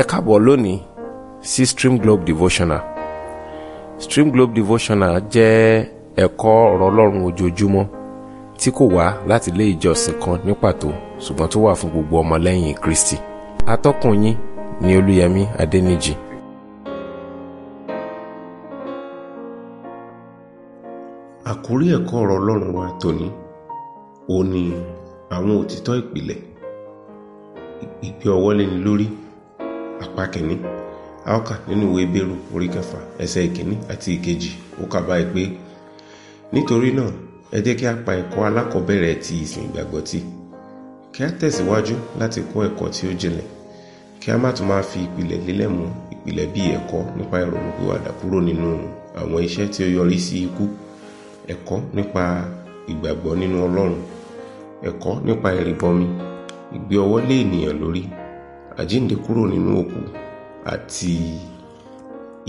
ẹ káàbọ̀ lónìí sí stream globe devotional stream globe devotional jẹ́ ẹ̀kọ́ ọ̀rọ̀ ọlọ́run ojoojúmọ́ tí kò wá láti ilé ìjọsìn kan ní pàtó ṣùgbọ́n tó wà fún gbogbo ọmọlẹ́yìn kristi atọ́kùn yín ni olúyẹmí adẹ́nìjì. àkórí ẹ̀kọ́ ọ̀rọ̀ ọlọ́run wa tòní òun ni àwọn òtítọ́ ìpìlẹ̀ ìgbé ọwọ́ léni lórí apá kìíní aoka ó kà nínú ìwé bẹ́rù orí kẹfà ẹsẹ̀ ìkíní àti ìkejì ó kà báyìí pé nítorí náà ẹ jẹ́ kí a pa ẹ̀kọ́ alákọ̀ọ́bẹ̀rẹ̀ ti ìsìn ìgbàgbọ́ tì kí a tẹ̀síwájú láti kọ́ ẹ̀kọ́ tí ó jinlẹ̀ kí a má tún máa fi ìpìlẹ̀ lélẹ̀ mú ìpìlẹ̀ bíi ẹ̀kọ́ nípa ìrònú pìwàdà kúrò nínú àwọn iṣẹ́ tí ó yọrí sí ikú ẹ̀kọ́ nípa ìgbàgbọ́ nínú ọlọ́run ẹ̀kọ́ nípa ìrìbọmi ìgbé ọwọ́ lé ènìyàn lórí àjíǹde kúrò nínú òkú àti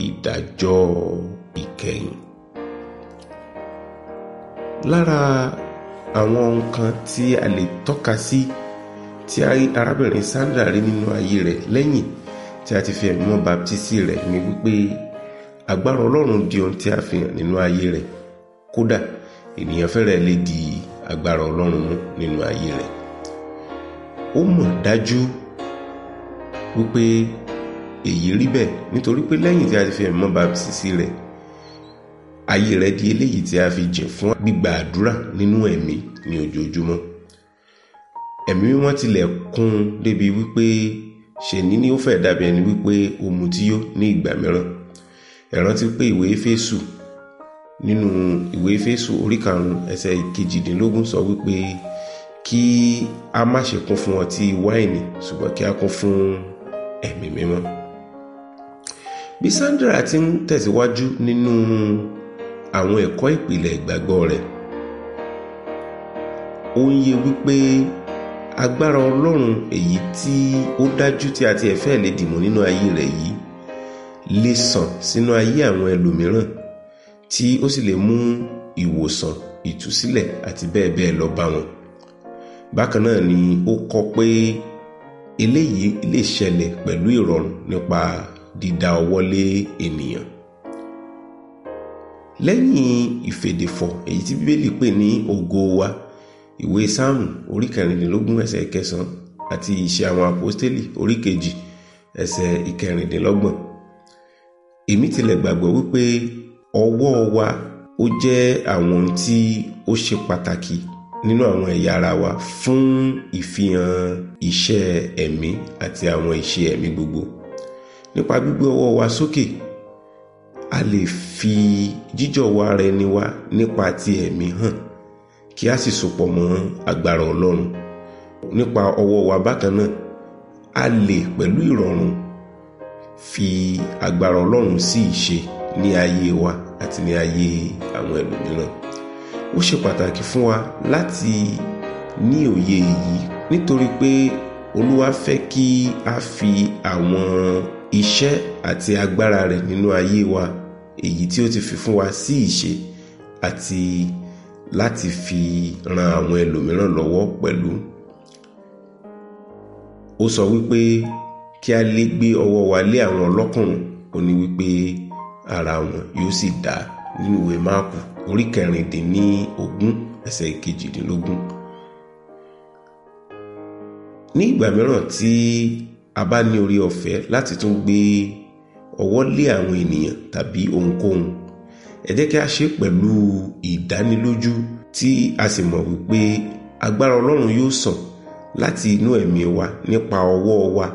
ìdájọ́ ìkẹyìn. Lára àwọn nǹkan tí a lè tọ́ka sí tí arábìnrin Sandra rí nínú ayé rẹ̀ lẹ́yìn tí a ti fi ẹ̀mí mọ́ baptisi rẹ̀ ni wípé agbára Ọlọ́run di ohun tí a fi hàn nínú ayé rẹ̀ kódà ènìyàn fẹ́rẹ̀ lè di agbára Ọlọ́run mú nínú ayé rẹ̀ ó mọ̀ dájú wípé èyí rí bẹ́ẹ̀ nítorí pé lẹ́yìn tí a ti fi ẹ̀mí mọ́ bàbísísì rẹ̀ ayé rẹ̀ di eléyìí tí a fi jìn fún gbígba àdúrà nínú ẹ̀mí ní ojoojúmọ́ ẹ̀mí wọn tilẹ̀ kún débi wípé ṣèní ni ó fẹ́ dàbí ẹni wípé ó mutíyó ní ìgbà mìíràn ẹ rántí pé ìwé Éfésù nínú ìwé Éfésù orí karùn ẹsẹ̀ kejìdínlógún sọ wípé kí a má ṣe kún fún ọtí wáìnì ṣùgbọ́n kí a kún fún ẹ̀mí mímọ́ bí Sandra ti ń tẹ̀síwájú nínú àwọn ẹ̀kọ́ ìpìlẹ̀ ìgbàgbọ́ rẹ̀ ó ń yé wípé agbára ọlọ́run èyí tí ó dájú tí a ti ẹ̀fẹ́ lè dìmọ̀ nínú ayé rẹ̀ yìí lè sàn sínú ayé àwọn ẹlòmíràn tí ó sì lè mú ìwòsàn ìtúsílẹ̀ àti bẹ́ẹ̀ bẹ́ẹ̀ lọ bá wọn bákan náà ni ó kọ pé eléyìí lè ṣẹlẹ̀ pẹ̀lú ìrọ̀rùn nípa dídá ọwọ́ lé ènìyàn lẹ́yìn ìfèdèfọ̀ èyí tí bíbélì pè ní ògo wa ìwé sáàmù orí kẹrìndínlógún ẹsẹ̀ kẹsàn-án àti iṣẹ́ àwọn àpọ́stélì orí kejì ẹsẹ̀ ìkẹrìndínlọ́gbọ̀n èmi tilẹ̀ gbàgbọ́ wípé ọwọ́ wa ó jẹ́ àwọn tí ó ṣe pàtàkì nínú àwọn ẹ̀yà ara wa fún ìfihàn iṣẹ́ ẹ̀mí àti àwọn iṣẹ́ ẹ̀mí gbogbo nípa gbígbé ọwọ́ wa sókè a lè fi jíjọ̀wọ́ ara ẹni wa nípa ti ẹ̀mí hàn kí a sì sopọ̀ mọ́ agbára Ọlọ́run nípa ọwọ́ wa bákan náà a lè pẹ̀lú ìrọ̀rùn fi agbára Ọlọ́run sí ìṣe ní ayé wa àti ní ayé àwọn ẹlòmíràn ó ṣe pàtàkì fún wa láti ní òye èyí nítorí pé olúwa fẹ́ kí a fi àwọn iṣẹ́ àti agbára rẹ̀ nínú ayé wa èyí tí ó ti fi fún wa sí ìṣe àti láti fi ran àwọn ẹlòmíràn lọ́wọ́ pẹ̀lú ó sọ wípé kí a lè gbé ọwọ́ wa lé àwọn ọlọ́kùnrin ó ní wípé ara wọn yóò sì dá nínú ìwé máàkù orí kẹrìndínlógún ẹsẹ̀ kejìdínlógún. ní ìgbà mìíràn tí a bá ní orí ọ̀fẹ́ láti tún gbé ọwọ́ lé àwọn ènìyàn tàbí ohunkóhun ẹ jẹ́ kí a ṣe pẹ̀lú ìdánilójú tí a sì mọ̀ wípé agbára ọlọ́run yóò sàn láti inú ẹ̀mí wa nípa ọwọ́ wa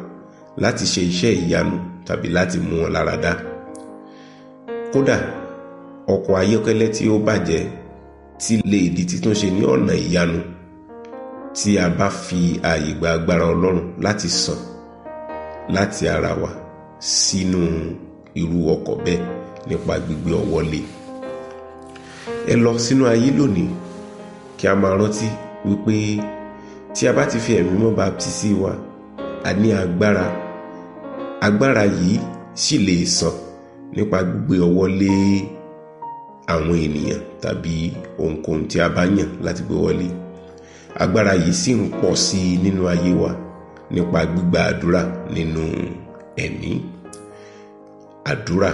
láti ṣe iṣẹ́ ìyanu tàbí láti mú wọn lára dá kódà ọkọ̀ ayọ́kẹ́lẹ́ tí ó bàjẹ́ tí lè di títúnṣe ní ọ̀nà ìyanu tí a bá fi ààyè gba agbára ọlọ́run láti sàn láti ara wa sínú irú ọkọ̀ bẹ́ẹ̀ nípa gbígbé ọwọ́ lé ẹ lọ sínú ayé lónìí kí a máa rántí wípé tí a bá ti fi ẹ̀mí mọ́ baptisi wa a ní agbára agbára yìí sì lè sàn nípa gbígbé ọwọ́ lé e àwọn ènìyàn tàbí ohunkóhun tí a bá yàn láti gbé wọlé agbára yìí sì ń pọ̀ sí i nínú ayé wa nípa gbígba àdúrà nínú ẹ̀mí àdúrà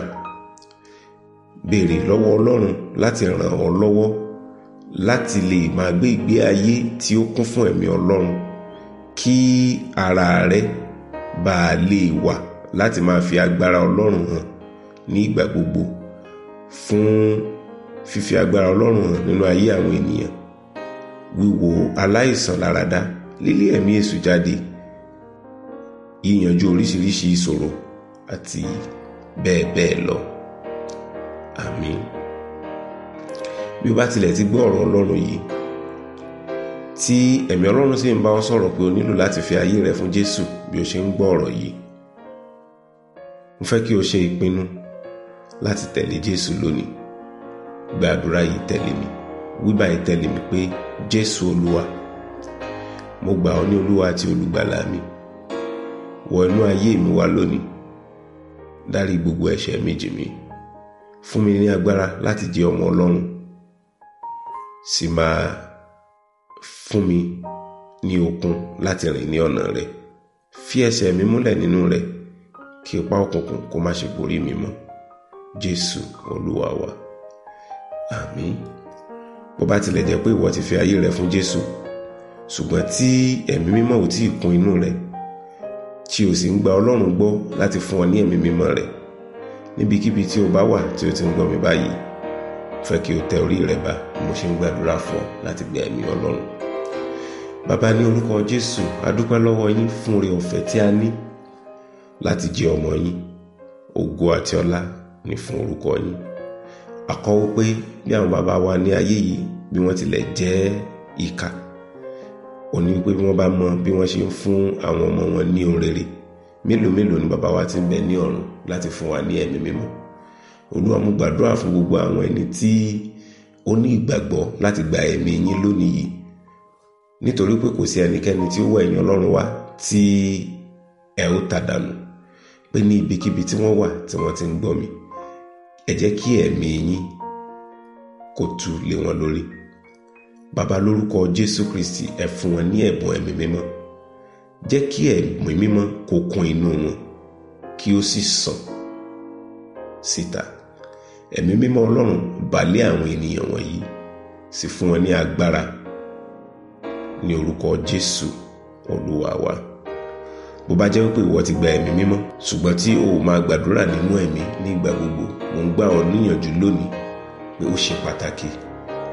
béèrè lọ́wọ́ ọlọ́run láti ràn ọ́ lọ́wọ́ láti lè máa gbé ìgbé ayé tí ó kún fún ẹ̀mí ọlọ́run kí ara rẹ bá a lè wà láti máa fi agbára ọlọ́run hàn ní ìgbà gbogbo fún fífi agbára ọlọ́run hàn nínú ayé àwọn ènìyàn wíwo aláìsàn láradá lílé ẹ̀mí èṣù jáde yíyanjú oríṣiríṣi ìṣòro àti bẹ́ẹ̀ bẹ́ẹ̀ lọ àmín bí o bá tilẹ̀ ti gbọ́ ọ̀rọ̀ ọlọ́run yìí tí ẹ̀mí ọlọ́run sì ń bá ọ sọ̀rọ̀ pé o nílò láti fi ayé rẹ fún jésù bí o ṣe ń gbọ́ ọ̀rọ̀ yìí mo fẹ́ kí o ṣe ìpinnu láti tẹ̀lé jésù lónìí gbàdúrà yìí tẹ̀lé mi wíbà yìí tẹ̀lé mi pé jésù olúwa mo gbà ọ́ ní olúwa àti olùgbàlà mi wọ inú ayé mi wá lónìí dárí gbogbo ẹ̀ṣẹ̀ mi fún mi ní agbára láti jẹ́ ọmọ ọlọ́run sì máa fún mi ní okun láti rìn ní ọ̀nà rẹ fi ẹsẹ̀ mi múlẹ̀ nínú rẹ kí ipa òkùnkùn kó má ṣe borí mi mọ́ jésù olúwa wa àmín bó bá tilẹ̀ jẹ́ pé ìwọ ti fi ayé rẹ fún Jésù ṣùgbọ́n tí ẹ̀mí mímọ́ ò tí ì kún inú rẹ tí o sì ń gba Ọlọ́run gbọ́ láti fún ọ ní ẹ̀mí mímọ́ rẹ níbikíbi tí o bá wà tí o ti ń gbọ́ mi báyìí fẹ́ kí o tẹ orí rẹ bá mo ṣe ń gbàdúrà fún ọ láti gba ẹ̀mí Ọlọ́run bàbá ní orúkọ Jésù a lọ́wọ́ yín fún oore ọ̀fẹ́ tí a ní láti jẹ ọmọ yín ògo àti ọlá ni fún orúkọ yín àkọ́ wípé bí àwọn bàbá wa ní ayé yìí bí wọ́n tilẹ̀ jẹ́ ìkà ò ní wípé bí wọ́n bá mọ bí wọ́n ṣe ń fún àwọn ọmọ wọn ní ohun rere mélòó mélòó ni bàbá wa ti ń bẹ ní ọ̀run láti fún wa ní ẹ̀mí mímọ́ olúwa mo gbàdúrà fún gbogbo àwọn ẹni tí ó ní ìgbàgbọ́ láti gba ẹ̀mí yín lónìí yìí nítorí pé kò sí ẹnikẹ́ni tí ó wọ ẹ̀yìn ọlọ́run wá tí ẹ ó tàdánù pé ní ibikíbi tí wọ́n wà tí wọ́n ti ń gbọ́ mi ẹ jẹ́ kí ẹ̀mí yín kó tú lé wọn lórí bàbá lórúkọ jésù kristi ẹ fún wọn ní ẹ̀bùn ẹ̀mí mímọ́ jẹ́ kí ẹ̀mí mímọ́ kó kún inú wọn kí ó sì sàn síta ẹ̀mí mímọ́ ọlọ́run bà lé àwọn ènìyàn wọ̀nyí sì fún wọn ní agbára ní orúkọ jésù olúwa wa. Jésù, bó bá jẹ́ wípé ìwọ ti gba ẹ̀mí mímọ́ ṣùgbọ́n tí o ò máa gbàdúrà nínú ẹ̀mí ní ìgbà gbogbo mò ń gbà ọ́ níyànjú lónìí pé ó ṣe pàtàkì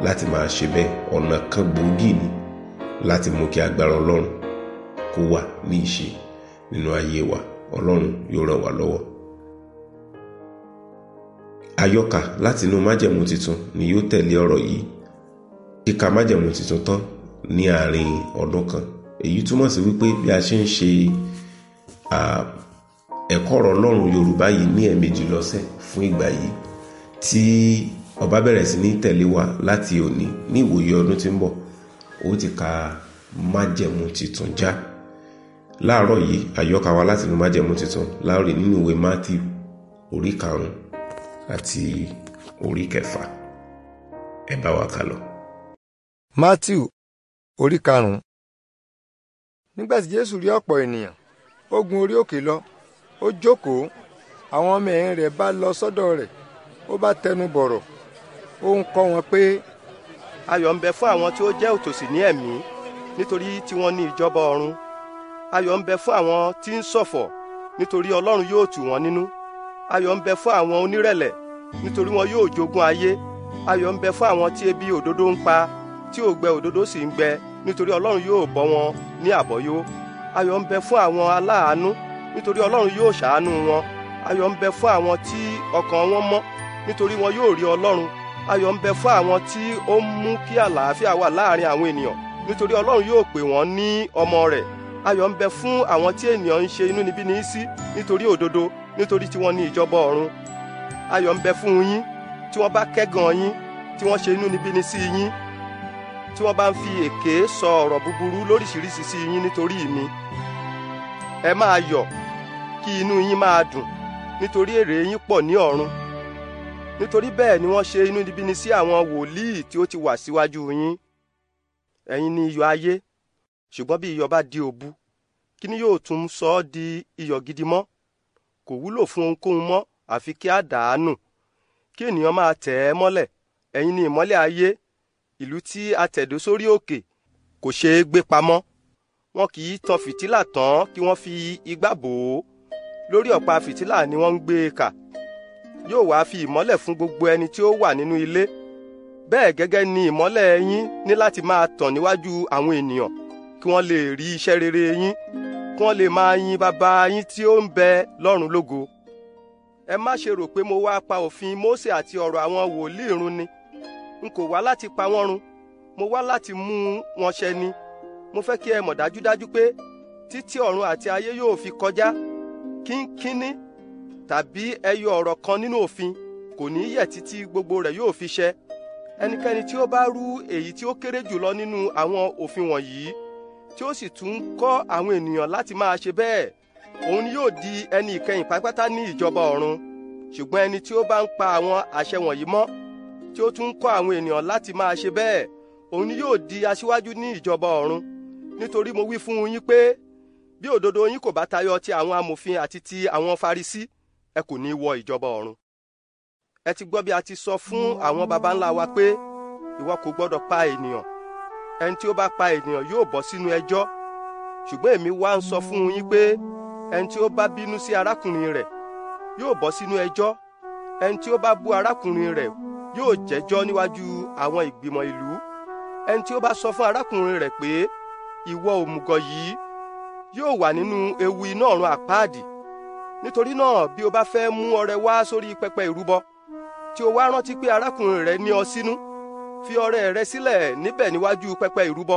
láti máa ṣe bẹ́ẹ̀ ọ̀nà kan gbòógì ni láti mú kí agbára ọlọ́run kó wà ní ìṣe nínú ayé wa ọlọ́run yóò ràn wá lọ́wọ́ àyọkà látinú májẹ̀mú tuntun ni yóò tẹ̀lé ọ̀rọ̀ yìí kíka májẹ̀mú tuntun tán ní àárín ọdún kan èyí túmọ̀ sí wípé bí a ṣe ń ṣe ẹ̀kọ́ ọ̀rọ̀ ọlọ́run yorùbá yìí ní ẹ̀ẹ̀mejì lọ́sẹ̀ fún ìgbà yìí tí ọba bẹ̀rẹ̀ sí ní tẹ̀lé wa láti òní ní ìwòye ọdún tí ń bọ̀ ó ti ka májẹ̀mú titun já láàárọ̀ yìí àyọkà wa láti inú májẹ̀mú titun láàárọ̀ nínú ìwé matthew orí karùn-ún àti orí kẹfà ẹ bá wa kà lọ. matthew orí karùn-ún nígbà tí jésù rí ọ̀pọ̀ ènìyàn ó gun orí òkè lọ ó jókòó àwọn ọmọ ẹ̀yìn rẹ̀ bá lọ sọ́dọ̀ rẹ̀ ó bá tẹnu bọ̀rọ̀ ó ń kọ́ wọn pé. ayọ̀ ń bẹ fún àwọn tí ó jẹ́ òtòṣì ní ẹ̀mí nítorí tí wọ́n ní ìjọba ọ̀run ayọ̀ ń bẹ fún àwọn tí ń ṣọ̀fọ̀ nítorí ọlọ́run yóò tù wọ́n nínú ayọ̀ ń bẹ fún àwọn onírẹ̀lẹ̀ nítorí wọn yóò jogún ayé ayọ̀ ń bẹ fún àwọn tí ebi òdodo ń pa tí òǹgbẹ òdodo sì ń gbẹ nítorí ọlọ́run yóò bọ́ wọn ní àbọ́yó ayọ̀ ń bẹ fún àwọn aláàánú nítorí ọlọ́run yóò ṣàánú wọn ayọ̀ ń bẹ fún àwọn tí ọkàn wọn mọ́ nítorí wọn yóò rí ọlọ́run ayọ̀ ń bẹ fún àwọn tí ó ń mú kí àlàáfíà wà láàrin àwọn ènìyàn nítorí ọlọ́run yóò pè wọ́n ní ọmọ rẹ̀ ayọ̀ ń bẹ fún àwọn tí ènìyàn ń ṣe inúnibíni sí nítorí òdodo nítorí tí wọ́n ní ìjọba ọ̀run ayọ̀ ń bẹ fún yín tí wọ́n bá kẹ́gàn yín tí wọ́n ṣe inúnibíni sí yín tí wọ́n bá ń fi èké sọ ọ̀rọ̀ búburú lóríṣiríṣi sí yín nítorí mi ẹ máa yọ̀ kí inú yín máa dùn nítorí èrè yín pọ̀ ní ọ̀run nítorí bẹ́ẹ̀ ni wọ́n ṣe inúnibíni sí àwọn wòlíì tí ó ti wà síwájú yín ẹ̀yin ni iyọ̀ ayé ṣùgbọ́n bí iyọ̀ bá di òbu kí ni yóò tún sọ ọ́ di iyọ̀ gidi mọ́ kò wúlò fún ohunkóhun mọ́ àfi kí á nù kí ènìyàn máa tẹ̀ ẹ́ mọ́lẹ̀ ẹ̀yin ni ìmọ́lẹ̀ ayé ìlú tí a tẹ̀dó sórí òkè kò ṣeé gbé pamọ́ wọn kì í tan fìtílà tán kí wọ́n fi igbá bò ó lórí ọ̀pá fìtílà ni wọ́n ń gbé e kà yóò wá fi ìmọ́lẹ̀ fún gbogbo ẹni tí ó wà nínú ilé bẹ́ẹ̀ gẹ́gẹ́ ni ìmọ́lẹ̀ yín ní láti máa tàn níwájú àwọn ènìyàn kí wọ́n lè rí iṣẹ́ rere yín kí wọ́n lè máa yin bàbá yín tí ó ń bẹ lọ́run lógo ẹ má ṣe rò pé mo wá pa òfin Mósè àti ọ̀rọ̀ àwọn wòlíì run ni n kò wá láti pa wọ́n run mo wá láti mú wọn ṣẹ ni mo fẹ́ kí ẹ mọ̀ dájúdájú pé títí ọ̀run àti ayé yóò fi kọjá kínkínní tàbí ẹyọ ọ̀rọ̀ kan nínú òfin kò ní yẹ̀ títí gbogbo rẹ̀ yóò fi ṣẹ ẹnikẹ́ni tí ó bá rú èyí tí ó kéré jùlọ nínú àwọn òfin wọ̀nyí tí ó sì tún kọ́ àwọn ènìyàn láti máa ṣe bẹ́ẹ̀ òun ni yóò di ẹni ìkẹyìn pátápátá ní ìjọba ọ̀run ṣùgbọ́n ẹni tí ó bá ń pa àwọn àṣẹ wọ̀nyí mọ́ tí ó tún ń kọ́ àwọn ènìyàn láti máa ṣe bẹ́ẹ̀ òun ni yóò di aṣíwájú ní ìjọba ọ̀run nítorí mo wí fún yín pé bí òdodo yín kò bá tayọ ti àwọn amòfin àti ti àwọn farisí ẹ kò ní wọ ìjọba ọ̀run ẹ ti gbọ́ bí a ti sọ fún àwọn baba ńlá wa pé ìwọ kò gbọ́dọ̀ pa ènìyàn ẹni tí ó bá pa ènìyàn yóò bọ́ sínú ẹjọ́ ṣùgbọ́n èmi wá ń sọ fún yín pé ẹni tí ó bá bínú sí arákùnrin rẹ̀ yóò bọ́ sínú ẹjọ́ ẹni tí ó bá bú arákùnrin rẹ̀ yóò jẹ́jọ́ níwájú àwọn ìgbìmọ̀ ìlú ẹni tí ó bá sọ fún arákùnrin rẹ̀ pé ìwọ òmùgọ̀ yìí yóò wà nínú ewu iná ọ̀run àpáàdì nítorí náà bí o bá fẹ́ mú ọrẹ wá sórí pẹpẹ ìrúbọ tí o wá rántí pé arákùnrin rẹ ní ọ sínú fi ọrẹ rẹ sílẹ̀ níbẹ̀ níwájú pẹpẹ ìrúbọ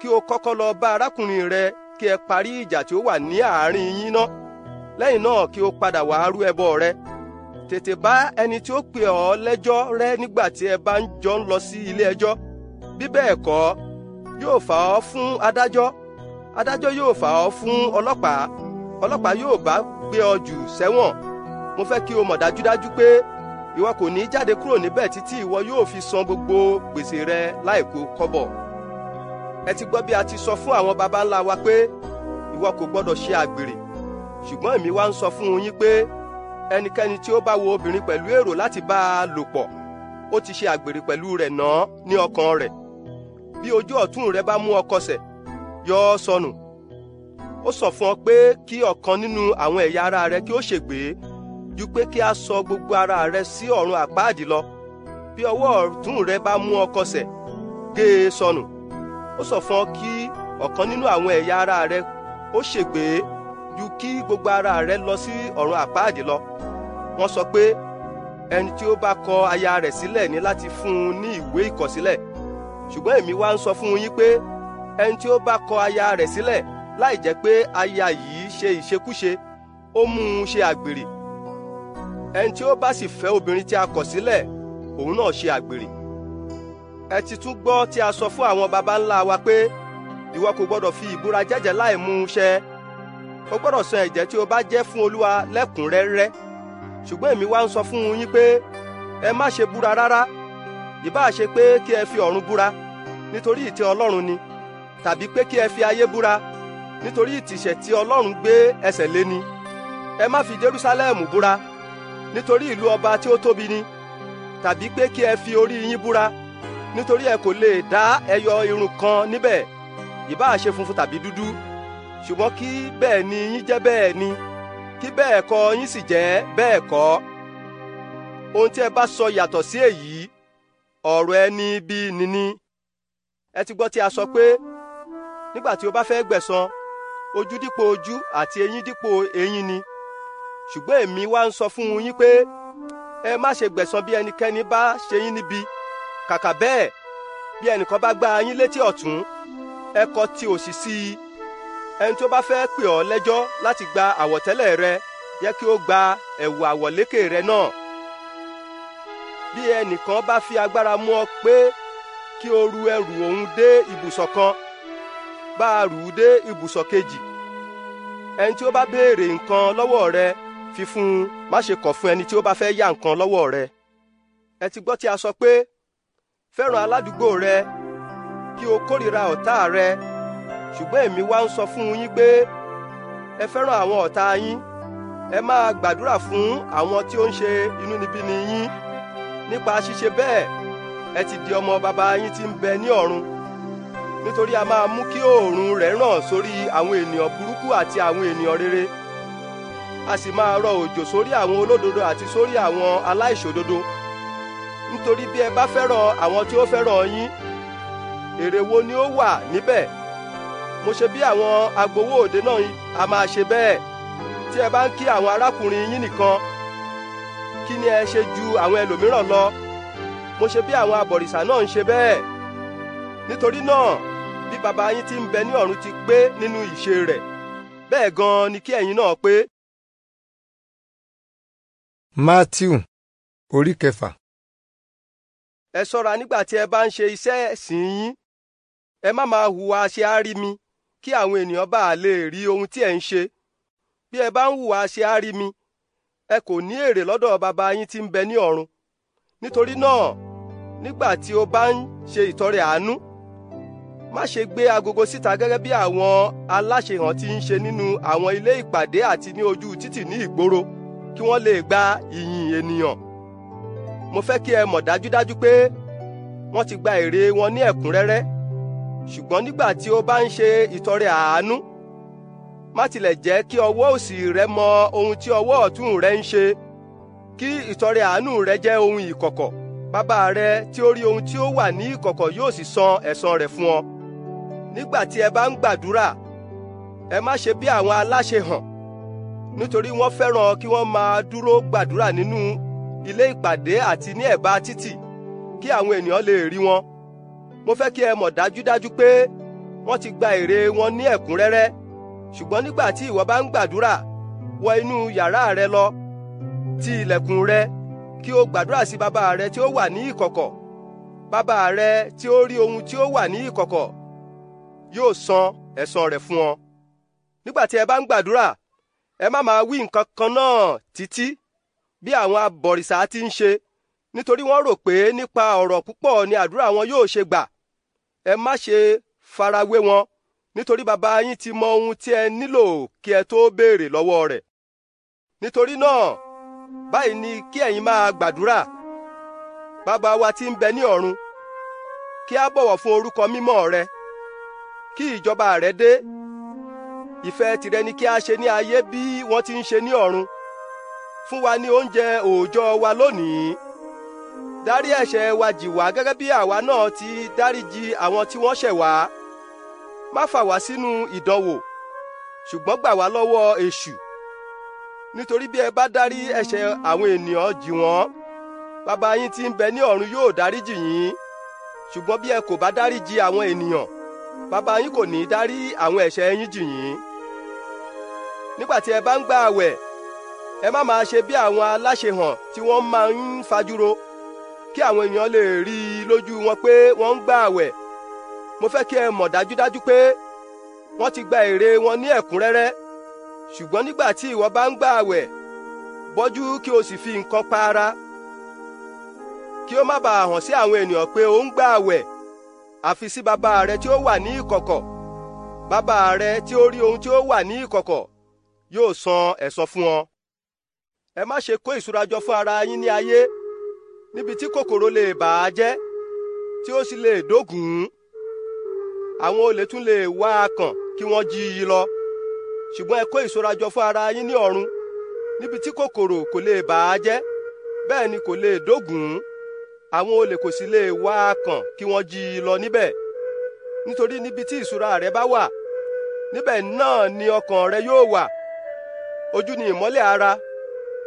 kí o kọ́kọ́ lọ bá arákùnrin rẹ kí ẹ parí ìjà tí ó wà ní àárín yín ná lẹ́yìn náà kí o padà wá rú ẹbọ rẹ tètè bá ẹni tí ó pè ọ́ lẹ́jọ́ rẹ nígbà tí ẹ bá ń jọ ń lọ sí ilé ẹjọ́ bí bẹ́ẹ̀ kọ́ yóò fà ọ́ fún adájọ́ adájọ́ yóò fà ọ́ fún ọlọ́pàá ọlọ́pàá yóò bá gbé ọ jù sẹ́wọ̀n mo fẹ́ kí o mọ̀ dájúdájú pé ìwọ kò ní jáde kúrò níbẹ̀ títí ìwọ yóò fi san gbogbo gbèsè rẹ láìkó kọ́bọ̀ ẹ ti gbọ́ bí a ti sọ fún àwọn baba ńlá wa pé ìwọ kò gbọ́dọ̀ ṣe àgbèrè ṣùgbọ́n èmi wá ń sọ fún yín pé ẹnikẹ́ni tí ó bá wo obìnrin pẹ̀lú èrò láti bá a lò pọ̀ ó ti ṣe àgbèrè pẹ̀lú rẹ̀ náà ní ọkàn rẹ̀ bí ojú ọ̀tún rẹ bá mú ọ kọsẹ̀ yọ ọ sọnù ó sọ fún ọ pé kí ọ̀kan nínú àwọn ẹ̀yà ara rẹ kí ó ṣègbé ju pé kí a sọ gbogbo ara rẹ sí ọ̀run àpáàdì lọ bí ọwọ́ ọ̀tún rẹ bá mú ọ kọsẹ̀ gé e sọnù ó sọ fún ọ kí ọ̀kan nínú àwọn ẹ̀yà ara rẹ ó ṣègbé ju kí gbogbo ara rẹ lọ sí ọ̀run àpáàdé lọ wọ́n sọ pé ẹni tí ó bá kọ aya rẹ̀ sílẹ̀ ní láti fún un ní ìwé ìkọ̀sílẹ̀ ṣùgbọ́n èmi wá ń sọ fún yín pé ẹni tí ó bá kọ aya rẹ̀ sílẹ̀ láì jẹ́ pé aya yìí ṣe ìṣekúṣe ó mú un ṣe àgbèrè ẹni tí ó bá sì fẹ́ obìnrin tí a kọ̀ sílẹ̀ òun náà ṣe àgbèrè ẹ ti tún gbọ́ tí a sọ fún àwọn baba ńlá wa pé ìwọ kò gbọ́dọ̀ fi ìbúra jẹ́jẹ́ láì mú un ṣẹ o gbọ́dọ̀ san ẹ̀jẹ̀ tí o bá jẹ́ fún olúwa lẹ́kùnrẹ́rẹ́ ṣùgbọ́n èmi wá ń sọ fún yín pé ẹ má ṣe búra rárá ìbá ṣe pé kí ẹ fi ọ̀run búra nítorí ìtẹ́ ọlọ́run ni tàbí pé kí ẹ fi ayé búra nítorí ìtìsẹ̀ tí ọlọ́run gbé ẹsẹ̀ lé ni ẹ má fi Jerúsálẹ́mù búra nítorí ìlú ọba tí ó tóbi ni tàbí pé kí ẹ fi orí yín búra nítorí ẹ kò lè dá ẹyọ irun kan níbẹ̀ ìbá ṣe funfun tàbí dúdú ṣùgbọ́n kí bẹ́ẹ̀ ni yín jẹ́ bẹ́ẹ̀ ni kí bẹ́ẹ̀ kọ́ yín sì jẹ́ bẹ́ẹ̀ kọ́ ohun tí ẹ bá sọ yàtọ̀ sí èyí ọ̀rọ̀ ẹni bíi níní ẹ ti gbọ́ tí a sọ pé nígbà tí o bá fẹ́ gbẹ̀san ojú dípò ojú àti eyín dípò eyín ni ṣùgbọ́n èmi wá ń sọ fún yín pé ẹ má ṣe gbẹ̀san bí ẹnikẹ́ni bá ṣe yín níbi kàkà bẹ́ẹ̀ bí ẹnìkan bá gbá yín létí ọ̀tún ẹ kọ ti òsì sí i ẹni tó bá fẹ́ pè ọ́ lẹ́jọ́ láti gba àwọ̀tẹ́lẹ̀ rẹ yẹ kí ó gba ẹ̀wù àwọ̀lékè rẹ náà bí ẹnìkan bá fi agbára mú ọ pé kí o ru ẹrù òun dé ibùsọ̀ kan bá a rù ú dé ibùsọ̀ kejì ẹni tí ó bá béèrè nǹkan lọ́wọ́ rẹ fi fún un má ṣe kọ̀ fún ẹni tí ó bá fẹ́ yá nǹkan lọ́wọ́ rẹ ẹ ti gbọ́ tí a sọ pé fẹ́ràn aládùúgbò rẹ kí o kórìíra ọ̀tá rẹ ṣùgbọ́n èmi wá ń sọ fún yín pé ẹ fẹ́ràn àwọn ọ̀tá yín ẹ máa gbàdúrà fún àwọn tí ó ń ṣe ni yín nípa ṣíṣe bẹ́ẹ̀ ẹ ti di ọmọ bàbá yín tí ń bẹ ní ọ̀run nítorí a máa mú kí oòrùn rẹ̀ ràn sórí àwọn ènìyàn burúkú àti àwọn ènìyàn rere a sì máa rọ òjò sórí àwọn olódodo àti sórí àwọn aláìṣòdodo nítorí bí ẹ bá fẹ́ràn àwọn tí ó fẹ́ràn yín èrè wo ni ó wà níbẹ̀ mo ṣe bí àwọn agbowó òde náà a máa ṣe bẹ́ẹ̀ tí ẹ bá ń kí àwọn arákùnrin yín nìkan kí ni ẹ ṣe ju àwọn ẹlòmíràn lọ mo ṣe bí àwọn abọ̀rìṣà náà ń ṣe bẹ́ẹ̀ nítorí náà bí baba yín ti ń bẹ ní ọ̀run ti pé nínú ìṣe rẹ̀ bẹ́ẹ̀ gan ni kí ẹ̀yin náà pé. Mátíù orí kẹfà. ẹ ṣọ́ra nígbà tí ẹ bá ń ṣe iṣẹ́ ẹ̀sìn yín ẹ má máa hùwà ṣe á rí mi kí àwọn ènìyàn bá lè rí ohun tí ẹ ń ṣe bí ẹ bá ń hùwà ṣe á rí mi ẹ kò ní èrè lọ́dọ̀ bàbá yín tí ń bẹ ní ọ̀run nítorí náà nígbà tí o bá ń ṣe ìtọrẹ àánú má ṣe gbé agogo síta gẹ́gẹ́ bí àwọn aláṣehàn ti ń ṣe nínú àwọn ilé ìpàdé àti ní ojú títì ní ìgboro kí wọ́n lè gba ìyìn ènìyàn mo fẹ́ kí ẹ mọ̀ dájúdájú pé wọ́n ti gba èrè wọn ní ẹ̀kúnrẹ́rẹ́ ṣùgbọ́n nígbà tí o bá ń ṣe ìtọrẹ àánú má tilẹ̀ jẹ́ kí ọwọ́ òsì rẹ mọ ohun tí ọwọ́ ọ̀tún rẹ ń ṣe kí ìtọrẹ àánú rẹ jẹ́ ohun ìkọ̀kọ̀ bàbá rẹ tí ó rí ohun tí ó wà ní ìkọ̀kọ̀ yóò sì san ẹ̀san rẹ̀ fún ọ nígbà tí ẹ bá ń gbàdúrà ẹ má ṣe bí àwọn aláṣehàn nítorí wọ́n fẹ́ràn kí wọ́n máa dúró gbàdúrà nínú ilé ìpàdé àti ní ẹ̀bá títì kí àwọn ènìyàn lè rí wọn mo fẹ́ kí ẹ mọ̀ dájúdájú pé wọ́n ti gba èrè wọn ní ẹ̀kúnrẹ́rẹ́ ṣùgbọ́n nígbà tí ìwọ bá ń gbàdúrà wọ inú yàrá rẹ lọ ti ilẹ̀kùn rẹ kí o gbàdúrà sí bàbá rẹ tí ó wà ní ìkọ̀kọ̀ bàbá rẹ tí ó rí ohun tí ó wà ní ìkọ̀kọ̀ yóò san ẹ̀san rẹ̀ fún ọ nígbà tí ẹ bá ń gbàdúrà ẹ má máa wí nǹkan kan náà títí bí àwọn abọ̀rìṣà ti ń ṣe nítorí wọ́n rò pé nípa ọ̀rọ̀ púpọ̀ ni àdúrà wọn yóò ṣe gbà ẹ má ṣe farawé wọn nítorí bàbá yín ti mọ ohun tí ẹ nílò kí ẹ tó béèrè lọ́wọ́ rẹ̀ nítorí náà báyìí ni kí ẹ̀yin máa gbàdúrà bàbá wa tí ń bẹ ní ọ̀run kí a bọ̀wọ̀ fún orúkọ mímọ́ rẹ kí ìjọba rẹ dé ìfẹ́ tìrẹ ni kí a ṣe ní ayé bí wọ́n ti ń ṣe ní ọ̀run fún wa ní oúnjẹ òòjọ́ wa lónìí dárí ẹ̀ṣẹ̀ wa jì wá gẹ́gẹ́ bí àwa náà ti dáríjì àwọn tí wọ́n ṣẹ̀ wá má fà wá sínú ìdánwò ṣùgbọ́n gbà wá lọ́wọ́ èṣù nítorí bí ẹ bá dárí ẹ̀ṣẹ̀ àwọn ènìyàn jì wọ́n bàbá yín tí ń bẹ ní ọ̀run yóò dáríjì yín ṣùgbọ́n bí ẹ kò bá dáríjì àwọn ènìyàn bàbá yín kò ní í dárí àwọn ẹ̀ṣẹ̀ yín jì yín nígbà tí ẹ bá ń gbà àwẹ̀ ẹ má máa ṣe bí àwọn aláṣehàn tí wọ́n máa ń fajúro kí àwọn èèyàn lè rí i lójú wọn pé wọ́n ń gbààwẹ̀ mo fẹ́ kí ẹ mọ̀ dájúdájú pé wọ́n ti gba èrè wọn ní ẹ̀kúnrẹ́rẹ́ ṣùgbọ́n nígbà tí ìwọ bá ń gbààwẹ̀ bọ́jú kí o sì fi nǹkan pa ara kí o má bàa hàn sí àwọn ènìyàn pé o ń gbààwẹ̀ àfi sí bàbá rẹ tí ó wà ní ìkọ̀kọ̀ bàbá rẹ tí ó rí ohun tí ó wà ní ìkọ̀kọ̀ yóò san ẹ̀san fún ọ ẹ má ṣe kó ìṣúra jọ fún ara yín ní ayé níbi tí kòkòrò lè bà á jẹ́ tí ó sì lè dógùn-ún àwọn olè tún lè wá a kàn kí wọ́n jí i lọ ṣùgbọ́n ẹ kó ìṣọ́ra jọ fún ara yín ní ọ̀run níbi tí kòkòrò kò lè bà á jẹ́ bẹ́ẹ̀ ni kò lè dógùn-ún àwọn olè kò sì lè wá a kàn kí wọ́n jí i lọ níbẹ̀ nítorí níbi tí ìṣúra rẹ bá wà níbẹ̀ náà ni ọkàn rẹ yóò wà ojú ni ìmọ́lẹ̀ ara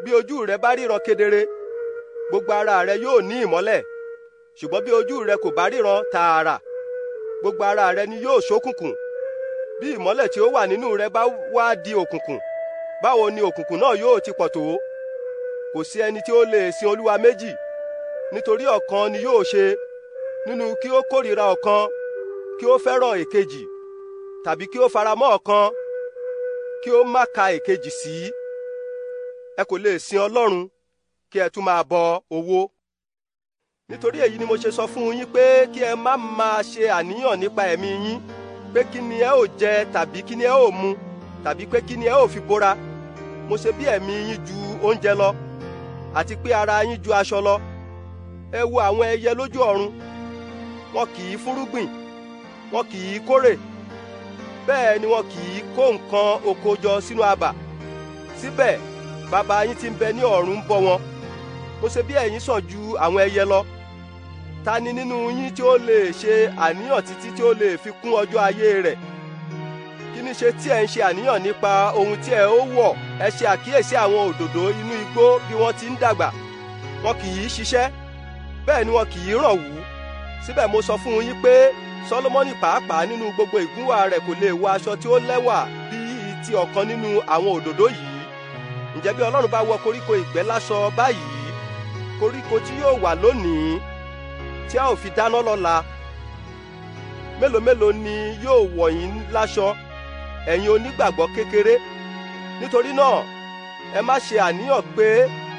bí ojú rẹ bá ríran kedere gbogbo ara rẹ yóò ní ìmọ́lẹ̀ ṣùgbọ́n bí ojú rẹ kò bá ríran tààrà gbogbo ara rẹ ni yóò ṣókùnkùn bí ìmọ́lẹ̀ tí ó wà nínú rẹ bá wá di òkùnkùn báwo ni òkùnkùn náà yóò ti pọ̀ tó kò sí ẹni tí ó lè sin olúwa méjì nítorí ọ̀kan ni yóò ṣe nínú kí ó kórìíra ọ̀kan kí ó fẹ́ràn èkejì tàbí kí ó faramọ́ ọ̀kan kí ó má ka èkejì sí ẹ kò lè sin ọlọ́run kí ẹ tún máa bọ owó. nítorí èyí ni mo ṣe sọ fún yín pé kí ẹ má máa ṣe àníyàn nípa ẹ̀mí yín pé kí ni ẹ ò jẹ tàbí kí ni ẹ ò mu tàbí pé kí ni ẹ ò fi bora mo ṣe bí ẹ̀mí yín ju oúnjẹ lọ àti pé ara yín ju aṣọ lọ ẹ wo àwọn ẹyẹ lójú ọ̀run wọn kì í fúrúgbìn wọn kì í kórè bẹ́ẹ̀ ni wọn kì í kó nǹkan oko jọ sínú abà síbẹ̀ bàbá yín tí ń bẹ ní ọ̀run ń wọn ó ṣe bí ẹ̀yin sàn ju àwọn ẹyẹ lọ ta ni nínú yín tí ó lè ṣe àníyàn títí tí ó lè fi kún ọjọ́ ayé rẹ̀ kí ni ṣe tí ẹ ń ṣe àníyàn nípa ohun tí ẹ ó wọ̀ ẹ ṣe àkíyèsí àwọn òdòdó inú igbó bí wọ́n ti ń dàgbà wọn kì í ṣiṣẹ́ bẹ́ẹ̀ ni wọn kì í ràn wú síbẹ̀ mo sọ fún yín pé Sólómọ́nì pàápàá nínú gbogbo ìgúnwà rẹ̀ kò lè wọ aṣọ tí ó lẹ́wà bíi ti ọ̀kan nínú àwọn òdòdó yìí ǹjẹ́ bí Ọlọ́run bá wọ koríko ìgbẹ́ láṣọ báyìí koríko tí yóò wà lónìí tí a ò fi dáná lọ́la mélòó mélòó ni yóò wọ̀ yín láṣọ ẹ̀yin onígbàgbọ́ kékeré nítorí náà ẹ má ṣe àníyàn pé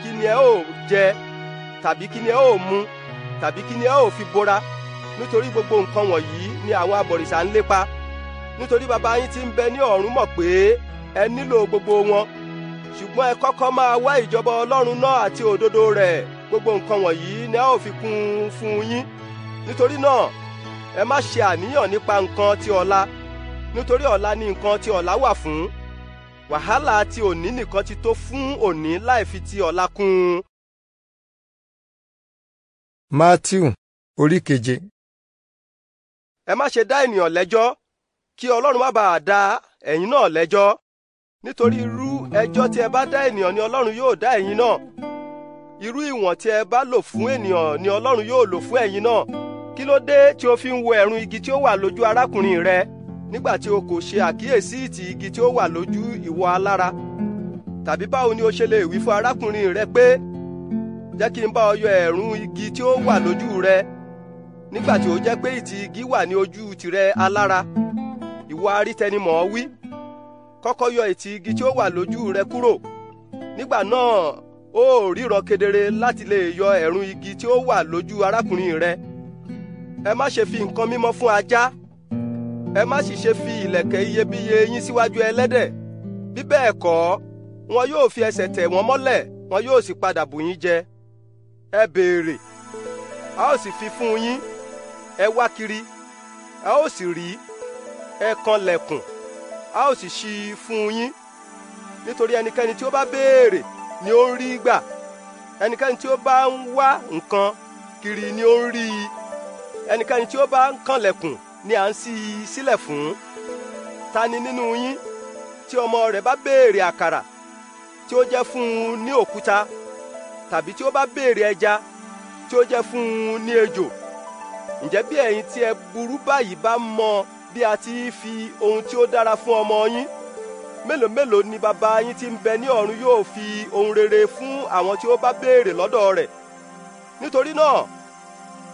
kí ni ẹ ó jẹ tàbí kí ni ẹ ó mu tàbí kí ni ẹ ó fi bora nítorí gbogbo nǹkan wọ̀nyí ni àwọn abọ̀rìṣà ń lépa nítorí bàbá yín tí ń bẹ ní ọ̀run mọ̀ pé ẹ nílò gbogbo wọn ṣùgbọ́n ẹ kọ́kọ́ máa wá ìjọba ọlọ́run náà àti òdodo rẹ̀ gbogbo nǹkan wọ̀nyí ni a ó fi kún un fún yín nítorí náà ẹ má ṣe àníyàn nípa nǹkan ti ọ̀la nítorí ọ̀la ni nǹkan ti ọ̀la wà fún wàhálà ti òní nìkan ti tó fún òní láì fi ti ọ̀la kún un. Mátíù orí keje. ẹ má ṣe dá ènìyàn lẹ́jọ́ kí Ọlọ́run má bàa dá ẹ̀yin náà lẹ́jọ́ nítorí irú ẹjọ́ tí ẹ bá dá ènìyàn ni Ọlọ́run yóò dá ẹ̀yin náà irú ìwọ̀n tí ẹ bá lò fún ènìyàn ni ọlọ́run yóò lò fún ẹ̀yin náà kí ló dé tí o fi ń wo ẹ̀rún igi tí ó wà lójú arákùnrin rẹ nígbà tí o kò ṣe àkíyèsí ìtì igi tí ó wà lójú ìwọ alára tàbí báwo ni o ṣe lè wí fún arákùnrin rẹ pé jẹ́ kí n bá ọ yọ ẹ̀rún igi tí ó wà lójú rẹ nígbà tí ó jẹ́ pé ìtì igi wà ní ojú tirẹ̀ alára ìwọ arítẹnimọ̀ wí kọ́kọ́ yọ ìtì igi tí ó wà lójú rẹ kúrò nígbà náà ó ríran kedere láti lè yọ ẹ̀rùn igi tí ó wà lójú arákùnrin rẹ ẹ má ṣe fi nǹkan mímọ́ fún ajá ẹ má sì ṣe fi ìlẹ̀kẹ̀ iyebíye yín síwájú ẹlẹ́dẹ̀ bí bẹ́ẹ̀ kọ́ wọn yóò fi ẹsẹ̀ tẹ̀ wọ́n mọ́lẹ̀ wọn yóò sì padà bù yín jẹ ẹ béèrè a ó sì fi fún yín ẹ wá kiri a ó sì rí ẹ kanlẹ̀kùn a ó sì ṣí i fún yín nítorí ẹnikẹ́ni tí ó bá béèrè ni ó ń rí gbà ẹnikẹ́ni tí ó bá ń wá nǹkan kiri ni ó ń rí i ẹnikẹ́ni tí ó bá ń kànlẹ̀kùn ni à ń ṣí i sílẹ̀ fún ta ni nínú yín tí ọmọ rẹ̀ bá béèrè àkàrà tí ó jẹ́ fún un ní òkúta tàbí tí ó bá béèrè ẹja tí ó jẹ́ fún un ní ejò ǹjẹ́ bí ẹ̀yin tí ẹ burú báyìí bá mọ bí a ti fi ohun tí ó dára fún ọmọ yín mélòó mélòó ni bàbá yín tí ń bẹ ní ọ̀run yóò fi ohun rere fún àwọn tí ó bá béèrè lọ́dọ̀ rẹ̀ nítorí náà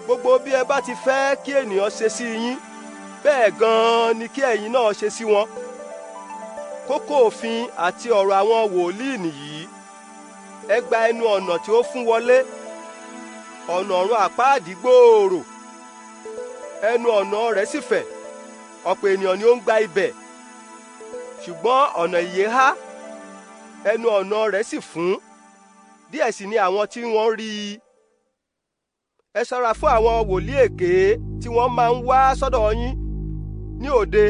gbogbo bí ẹ bá ti fẹ́ kí ènìyàn ṣe sí yín bẹ́ẹ̀ gan-an ni kí ẹ̀yin náà ṣe sí wọn kókó òfin àti ọ̀rọ̀ àwọn wòlíì nìyí ẹ gba ẹnu ọ̀nà tí ó fún wọlé ọ̀nà ọ̀run àpáàdì gbòòrò ẹnu ọ̀nà rẹ̀ sì fẹ̀ ọ̀pọ̀ ènìyàn ni ó ń gba ibẹ̀ ṣùgbọ́n ọ̀nà ìyè há ẹnu ọ̀nà rẹ̀ sì fún díẹ̀ sì ni àwọn tí wọ́n rí i. ẹ ṣọ́ra fún àwọn wòlíì èké tí wọ́n máa ń wá sọ́dọ̀ yín ní òde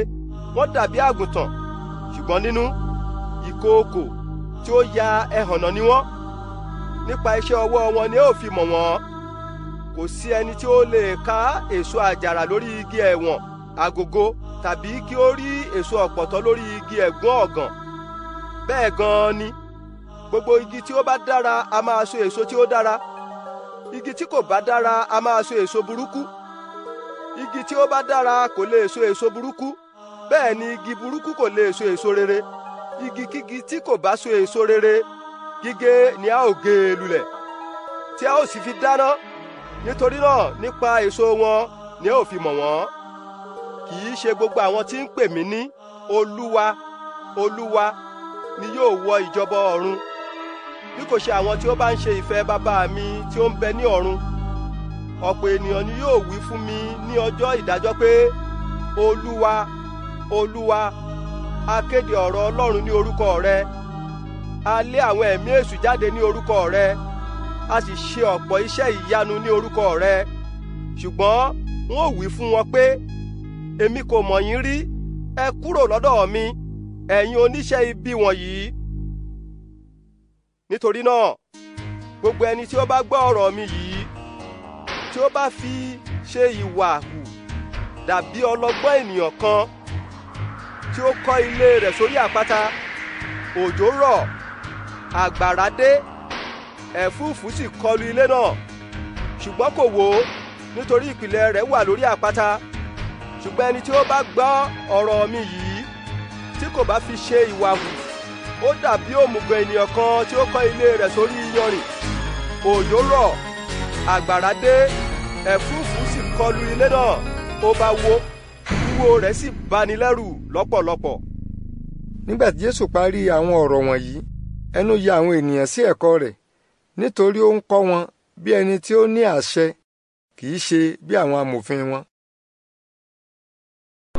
wọ́n dàbí àgùntàn ṣùgbọ́n nínú ìkookò tí ó ya ẹhànnà ni wọ́n nípa iṣẹ́ ọwọ́ wọn ni ó fi mọ̀ wọ́n kò sí ẹni tí ó lè ká èso àjàrà lórí igi ẹ̀wọ̀n àgógó tàbí kí ó rí èso ọ̀pọ̀tọ́ lórí igi ẹ̀gún ọ̀gàn bẹ́ẹ̀ gan-an ni gbogbo igi tí ó bá dára a máa so èso tí ó dára igi tí kò bá dára a máa so èso burúkú igi tí ó bá dára kò lè so èso burúkú bẹ́ẹ̀ ni igi burúkú kò lè so èso rere igi kígi tí kò bá so èso rere gígé ni a ó gé e lulẹ̀ tí a ó sì fi dáná nítorí náà nípa èso wọn ni a ó fi mọ̀ wọ́n kì í ṣe gbogbo àwọn tí ń pè mí ní olúwa olúwa ni yóò wọ ìjọba ọ̀run bí kò ṣe àwọn tí ó bá ń ṣe ìfẹ́ bàbá mi tí ó ń bẹ ní ọ̀run ọ̀pọ̀ ènìyàn ni yóò wí fún mi ní ọjọ́ ìdájọ́ pé olúwa olúwa a kéde ọ̀rọ̀ ọlọ́run ní orúkọ rẹ a àwọn ẹ̀mí èṣù jáde ní orúkọ rẹ a sì ṣe ọ̀pọ̀ iṣẹ́ ìyanu ní orúkọ rẹ ṣùgbọ́n wọn wí fún wọn pé èmi kò mọ̀ yín rí ẹ kúrò lọ́dọ̀ mi ẹ̀yin oníṣẹ́ ibi wọ̀nyí. nítorí náà gbogbo ẹni tí ó bá gbọ́ ọ̀rọ̀ mi yìí tí ó bá fi ṣe ìwà hù dàbí ọlọ́gbọ́n ènìyàn kan tí ó kọ́ ilé rẹ̀ sórí àpáta òjò rọ̀ àgbàrá dé ẹ̀fúùfù sì kọlu ilé náà ṣùgbọ́n kò wó nítorí ìpìlẹ̀ rẹ̀ wà lórí àpáta ṣùgbọ́n ẹni tí ó bá gbọ́ ọ̀rọ̀ mi yìí tí kò bá fi ṣe ìwà hù ó dàbí òmùgọ̀ ènìyàn kan tí ó kọ́ ilé rẹ̀ sórí iyanrìn òjò rọ̀ àgbàrá dé ẹ̀fúùfù sì kọlu ilé náà ó bá wó wíwó rẹ̀ sì bani lẹ́rù lọ́pọ̀lọpọ̀. nígbà tí jésù parí àwọn ọ̀rọ̀ wọ̀nyí ẹnu ya àwọn ènìyàn sí ẹ̀kọ́ rẹ̀ nítorí ó ń kọ́ wọn bí ẹni tí ó ní àṣẹ kì í ṣe bí àwọn amòfin wọn